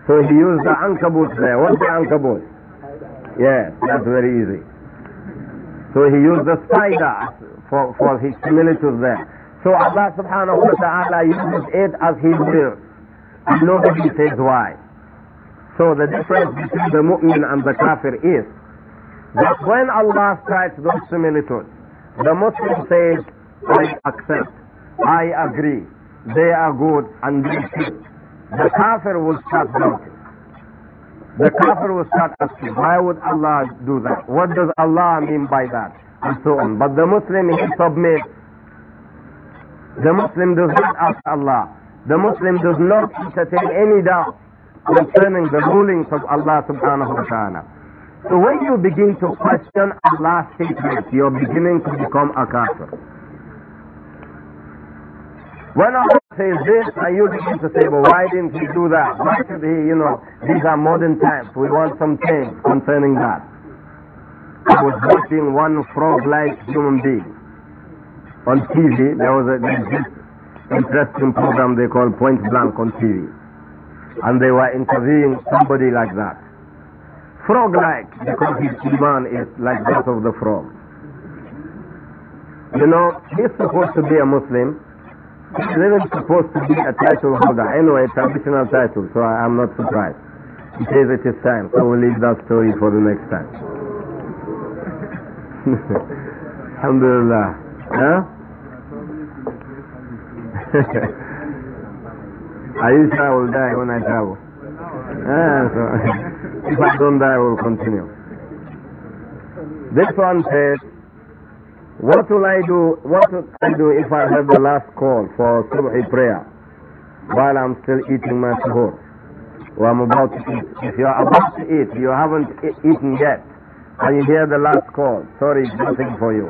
So he used the ankabut there. What's the ankabut? Yeah, that's very easy. So he used the spider for, for his similitude there. So Allah subhanahu wa ta'ala uses it as he will. And nobody says why. So the difference between the mu'min and the kafir is that when Allah strikes those similitudes, the Muslim says, I accept, I agree, they are good and they should. The kafir will start doubting. The kafir will start asking, why would Allah do that? What does Allah mean by that? and so on. But the Muslim, he submits. The Muslim does not ask Allah. The Muslim does not entertain any doubt concerning the rulings of Allah subhanahu wa ta'ala. So when you begin to question Allah's statements, you're beginning to become a kafir. When Allah says this, I you to say, well, why didn't he do that? Why should he, you know, these are modern times. We want some change concerning that. I was watching one frog-like human being. On TV, there was an interesting program they call Point Blank on TV. And they were interviewing somebody like that. Frog-like, because his iman is like that of the frog. You know, he's supposed to be a Muslim. He's even supposed to be a title holder. Anyway, traditional title, so I am not surprised. He says it is time, so we'll leave that story for the next time. Alhamdulillah. Huh? I Aisha will die when I travel. Ah, so if I don't die, I will continue. This one says, what will I do? What will I do if I have the last call for subhi prayer while I'm still eating my suhoor? or I'm about to eat. If you're about to eat, you haven't eaten yet. Are you here the last call? Sorry, nothing for you.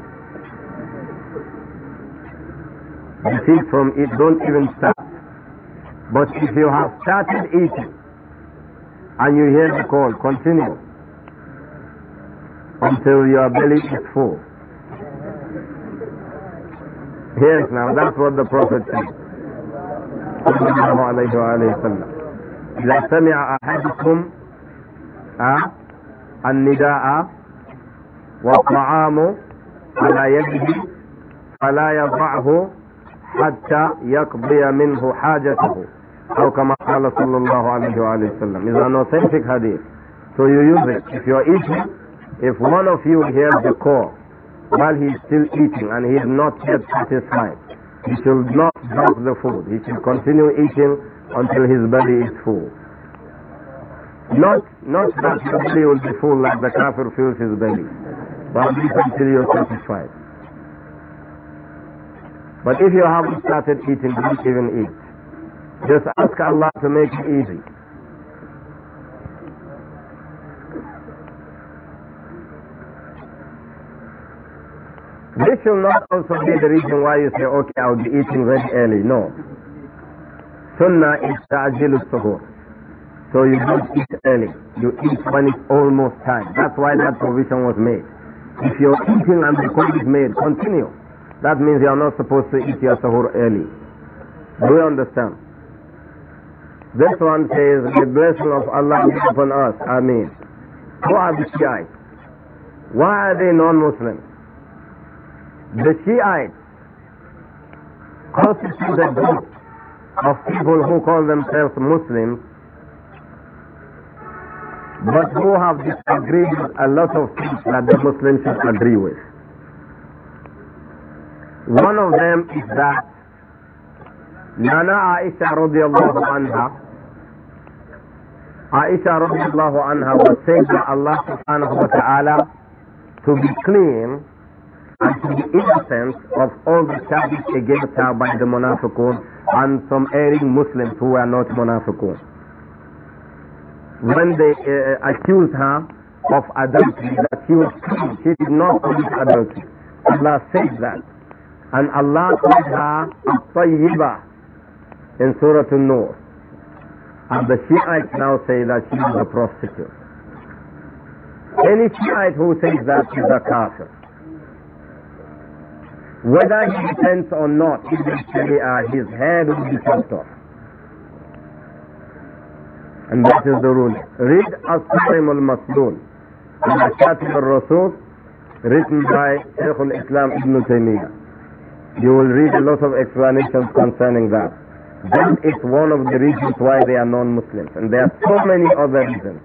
You see, from it, don't even start. But if you have started eating and you hear the call, continue until your belly is full. Yes, now that's what the Prophet said. والطعام على يده فلا يضعه حتى يقضي منه حاجته أو كما قال صلى الله عليه وآله وسلم is an authentic hadith so you use it if you are eating if one of you hears the call while he is still eating and he is not yet satisfied he should not drop the food he should continue eating until his belly is full not not that his belly will be full like the kafir fills his belly but eat until you're satisfied. But if you haven't started eating, don't even eat. Just ask Allah to make it easy. This should not also be the reason why you say, okay, I'll be eating very early. No. Sunnah is ta'jil suhoor. So you don't eat early. You eat when it's almost time. That's why that provision was made. If you're eating and the call is made, continue. That means you are not supposed to eat your sahur early. Do you understand? This one says, the blessing of Allah be upon us. Ameen. Who are the Shiites? Why are they non-Muslims? The Shiites constitute a group of people who call themselves Muslims but who have disagreed with a lot of things that the Muslims should agree with. One of them is that Nana Aisha radiallahu anha, Aisha radiallahu anha was saying by Allah subhanahu wa ta'ala to be clean and to be innocent of all the charges against her by the munafiqun and some erring Muslims who were not munafiqun when they uh, uh, accused her of adultery, that she was clean. She did not commit adultery. Allah said that. And Allah called her At-Tayyiba in Surah An-Nur. And the Shiites now say that she was a prostitute. Any Shiite who says that is a kafir. Whether he repents or not, ah, his, his head will be chopped off. And that is the rule. Read As-Sarim al-Maslul, Al-Shatib al-Rasul, written by Shaykh al-Islam Ibn Taymiyyah. You will read a lot of explanations concerning that. That is one of the reasons why they are non-Muslims. And there are so many other reasons.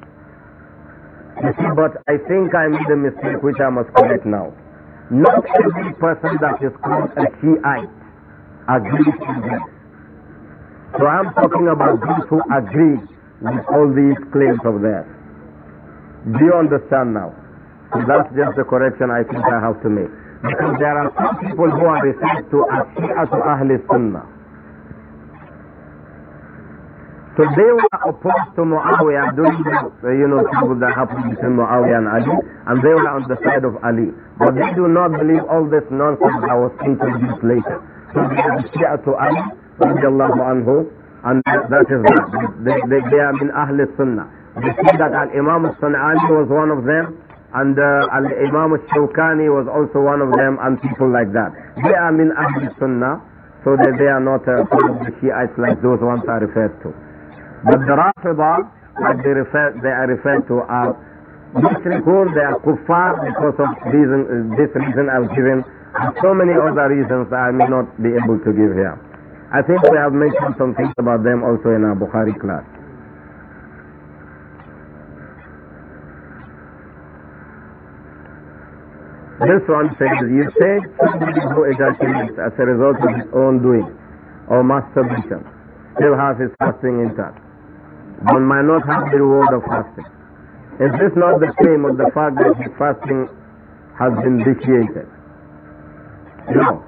You see, but I think I made a mistake which I must correct now. Not every person that is called a Shiite agrees with this. So I'm talking about those who agree with all these claims of theirs. Do you understand now? So that's just the correction I think I have to make. Because there are some people who are referred to as to Ahli Sunnah. So they were opposed to Muawiyah during the, you know, trouble that happened between Muawiyah and Ali, and they were on the side of Ali. But they do not believe all this nonsense that was introduced later. So they are Ali, radiallahu anhu, and that is that. They, they, they are in Ahl Sunnah. We see that Al-Imam al-San'ani was one of them and uh, Al-Imam al-Shawkani was also one of them and people like that. They are in Ahl Sunnah so that they are not uh, the Shiites like those ones are referred to. But the Rafida, like they, refer, they are referred to are Mushrikun, they are kuffar because of reason, uh, this reason I've given, and so many other reasons I may not be able to give here. I think we have mentioned some things about them also in our Bukhari class. This one says, you say somebody who ejaculates as a result of his own doing or masturbation still has his fasting intact, but might not have the reward of fasting. Is this not the same as the fact that his fasting has been vitiated? No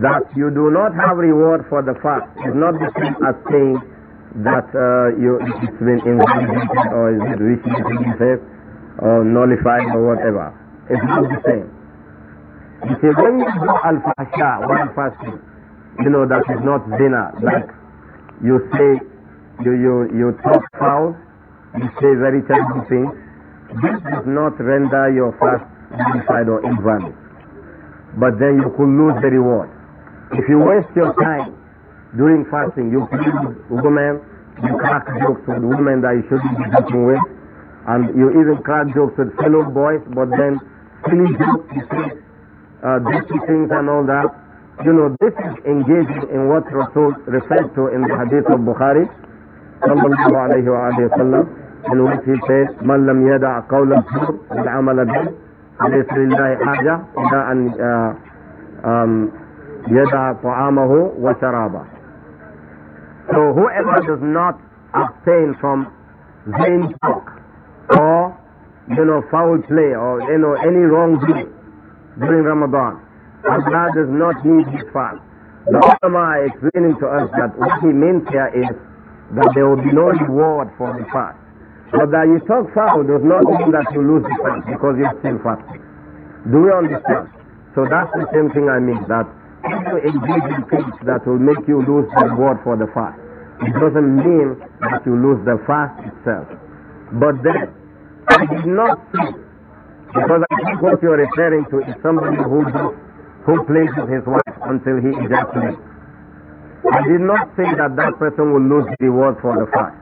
that you do not have reward for the fast is not the same as saying that uh, you, it's been invalidated or is it received or nullified or whatever. It's not the same. You see, when you do al-fahsha, one fasting, you know that is not zina. Like you say, you, you, you talk foul, you say very terrible things. This does not render your fast nullified or invalid. But then you could lose the reward. If you waste your time during fasting, you plead with women, you crack jokes with women that you shouldn't be joking with, and you even crack jokes with fellow boys, but then silly jokes, you say uh, dirty things and all that. You know, this is engaging in what Rasul referred to in the hadith of Bukhari, sallallahu alayhi wa sallam, in which he says, من لم يدع قول الزور والعمل به فليس لله حاجة إلى أن يدع طعامه وشرابه so whoever does not abstain from vain talk or you know foul play or you know any wrongdoing during Ramadan Allah does not need his fast the ulama explaining to us that what he means here is that there will be no reward for the fast but that you talk foul does not mean that you lose the fast because you're still fasting do we understand so that's the same thing I mean that ever engage in things that will make you lose the reward for the fast. It doesn't mean that you lose the fast itself. But then, I did not see, because I think what you're referring to is somebody who, who pleases his wife until he ejaculates. I did not say that that person will lose the reward for the fast,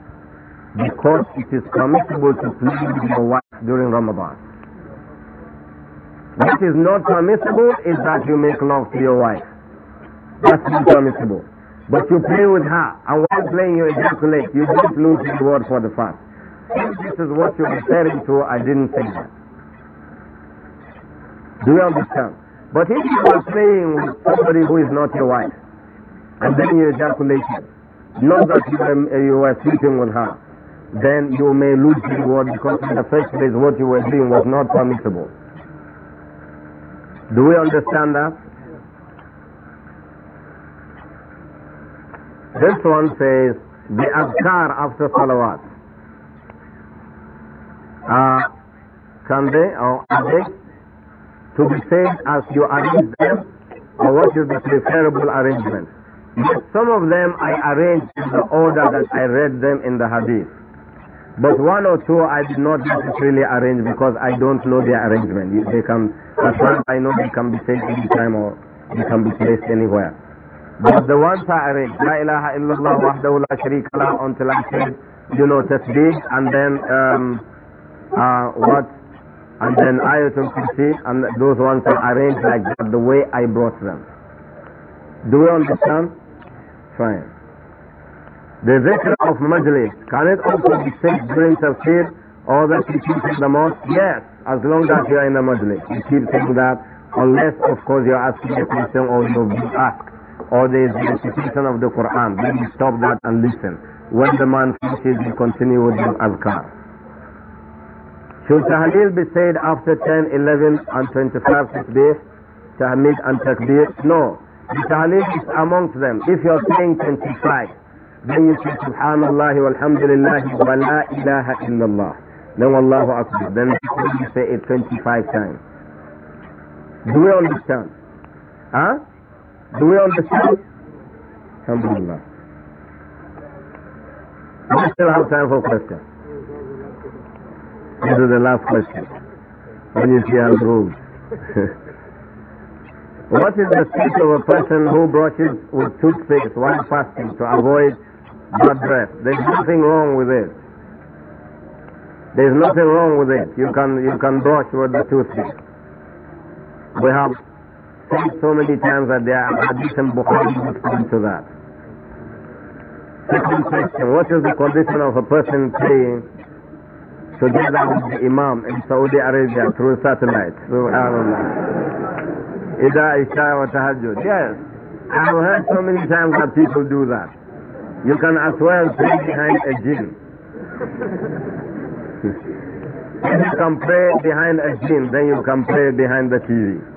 because it is permissible to please your wife during Ramadan. What is not permissible is that you make love to your wife. That's not permissible. But you play with her, and while playing you ejaculate. You don't lose the word for the fast. this is what you're referring to, I didn't say that. Do you understand? But if you are playing with somebody who is not your wife, and then you ejaculate, not that you, uh, you were sleeping with her, then you may lose the word because in the first place what you were doing was not permissible. Do we understand that? This one says the azkar after salawat. Uh, can they or are they to be said as you arrange them or what is the preferable arrangement? some of them I arranged in the order that I read them in the hadith. But one or two I did not necessarily arrange because I don't know their arrangement. They can, as far as I know, they can be said any time or they can be placed anywhere. But the ones I read, La ilaha illallah wahdahu la sharika la, until I said, you know, tasbih, and then, um, uh, what? And then ayatul kursi, and those ones are arranged like that, the way I brought them. Do we understand? Fine. The zikr of majlis, can it also be said during tafsir, or that you keep in the mosque? Yes, as long as you are in the majlis. You keep saying that, unless, of course, you're asking a question or you ask. asked or there is the recitation of the Quran, then you stop that and listen. When the man finishes, you continue with your azkar. Should tahleel be said after 10, 11 and 25 tasbih, tahmid and takbir? No. The tahleel is amongst them. If you're saying 25, then you say subhanallah walhamdulillah wa la ilaha illallah. Then Allahu Akbar. Then you say it 25 times. Do we understand? Huh? Do we understand? Alhamdulillah. We still have time for questions. This is the last question. When you see rules. what is the state of a person who brushes with toothpicks while fasting to avoid bad breath? There's nothing wrong with it. There's nothing wrong with it. You can you can brush with the toothpicks. We have said so many times that there are hadith and Bukhari which to that. Second question, what is the condition of a person praying together with the Imam in Saudi Arabia through satellite? Subhanallah. Ida Isha wa Tahajjud. Yes, I've heard so many times that people do that. You can as well pray behind a jinn. If you can pray behind a jinn, then you can pray behind the TV.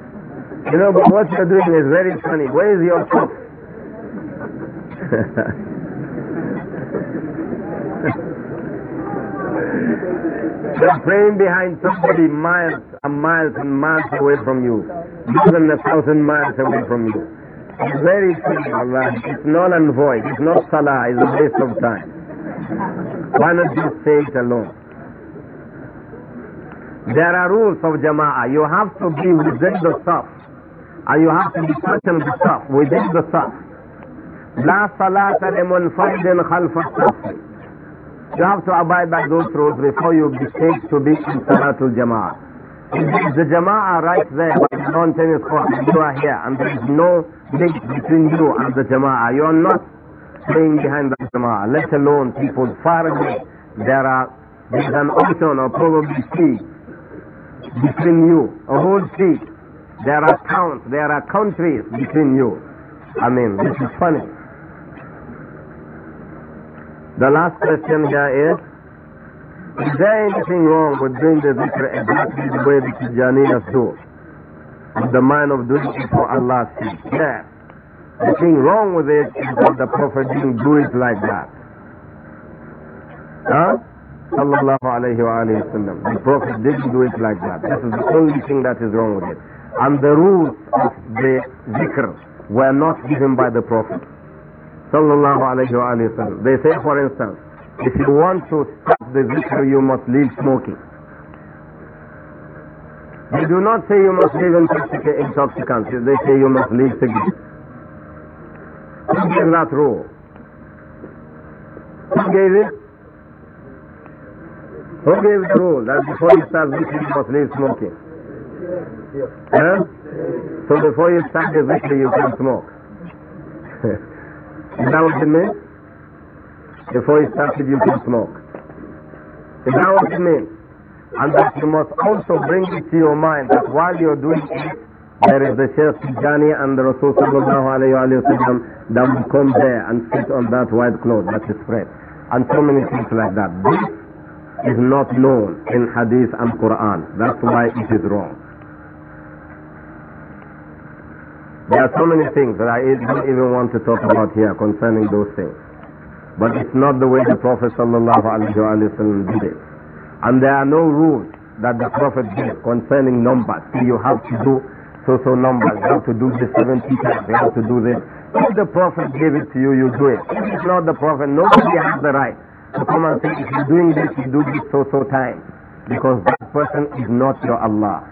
You know, but what you're doing is very funny. Where is your top? you're praying behind somebody miles and miles and miles away from you, more than a thousand miles away from you. It's very funny, Allah. It's null and void. It's not salah. It's a waste of time. Why not just say it alone? There are rules of jama'ah. You have to be within the top. And you have to be certain the stuff, within the stuff. لا صلاة لمنفرد خلف الصف. You have to abide by those rules before you mistake to be in Salatul Jama'ah. the Jama'ah right there by the non-tennis court, you are here and there is no link between you and the Jama'ah. You are not playing behind the Jama'ah, let alone people far away. There are, there is an ocean or probably sea between you, a whole sea there are towns, there are countries between you. I mean, this is funny. The last question here is, is there anything wrong with doing the dhikr exactly the way the janina's do? With the mind of doing it for Allah's sake. Yeah. The thing wrong with it is that the Prophet didn't do it like that. Huh? Sallallahu alayhi wa The Prophet didn't do it like that. This is the only thing that is wrong with it and the rules of the zikr were not given by the Prophet. Sallallahu alayhi They say, for instance, if you want to stop the zikr, you must leave smoking. They do not say you must leave intoxicants. They say you must leave cigarettes. Who gave that rule? Who gave it? Who gave the rule that before you start zikr, you must leave smoking? Huh? So before you start your victory, you can smoke. Is that what it means? Before you start you can smoke. Is that what it means? And that you must also bring it to your mind that while you're doing it, there is the Sheikh Jani and the Rasul sallallahu alayhi wa that will come there and sit on that white cloth that is spread. And so many things like that. This is not known in Hadith and Quran. That's why it is wrong. There are so many things that I don't even want to talk about here concerning those things. But it's not the way the Prophet sallallahu did it. And there are no rules that the Prophet gave concerning numbers. You have to do so so numbers. You have to do this 70 times. You have to do this. If the Prophet gave it to you, you do it. If it's not the Prophet, nobody has the right to come and say, if you're doing this, you do this so so times. Because that person is not your Allah.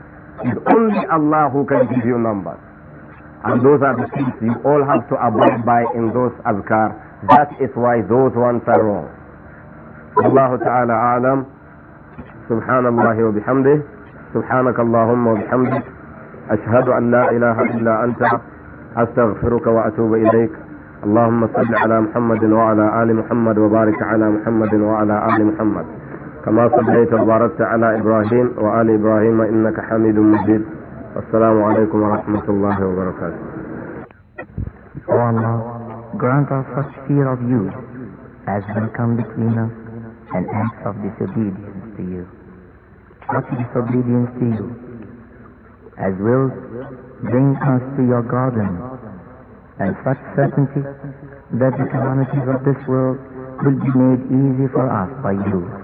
It's only Allah who can give you numbers. And those are the things you all have to abide by in those azkar. That is why those ones are wrong. الله تعالى أعلم سبحان الله وبحمده سبحانك اللهم وبحمدك أشهد أن لا إله إلا أنت أستغفرك وأتوب إليك اللهم صل على محمد وعلى آل محمد وبارك على محمد وعلى آل محمد كما صليت وباركت على إبراهيم وآل إبراهيم إنك حميد مجيد Assalamu alaikum wa rahmatullahi wa O Allah, grant us such fear of you as will come between us and acts of disobedience to you. Such disobedience to you as will bring us to your garden and such certainty that the calamities of this world will be made easy for us by you.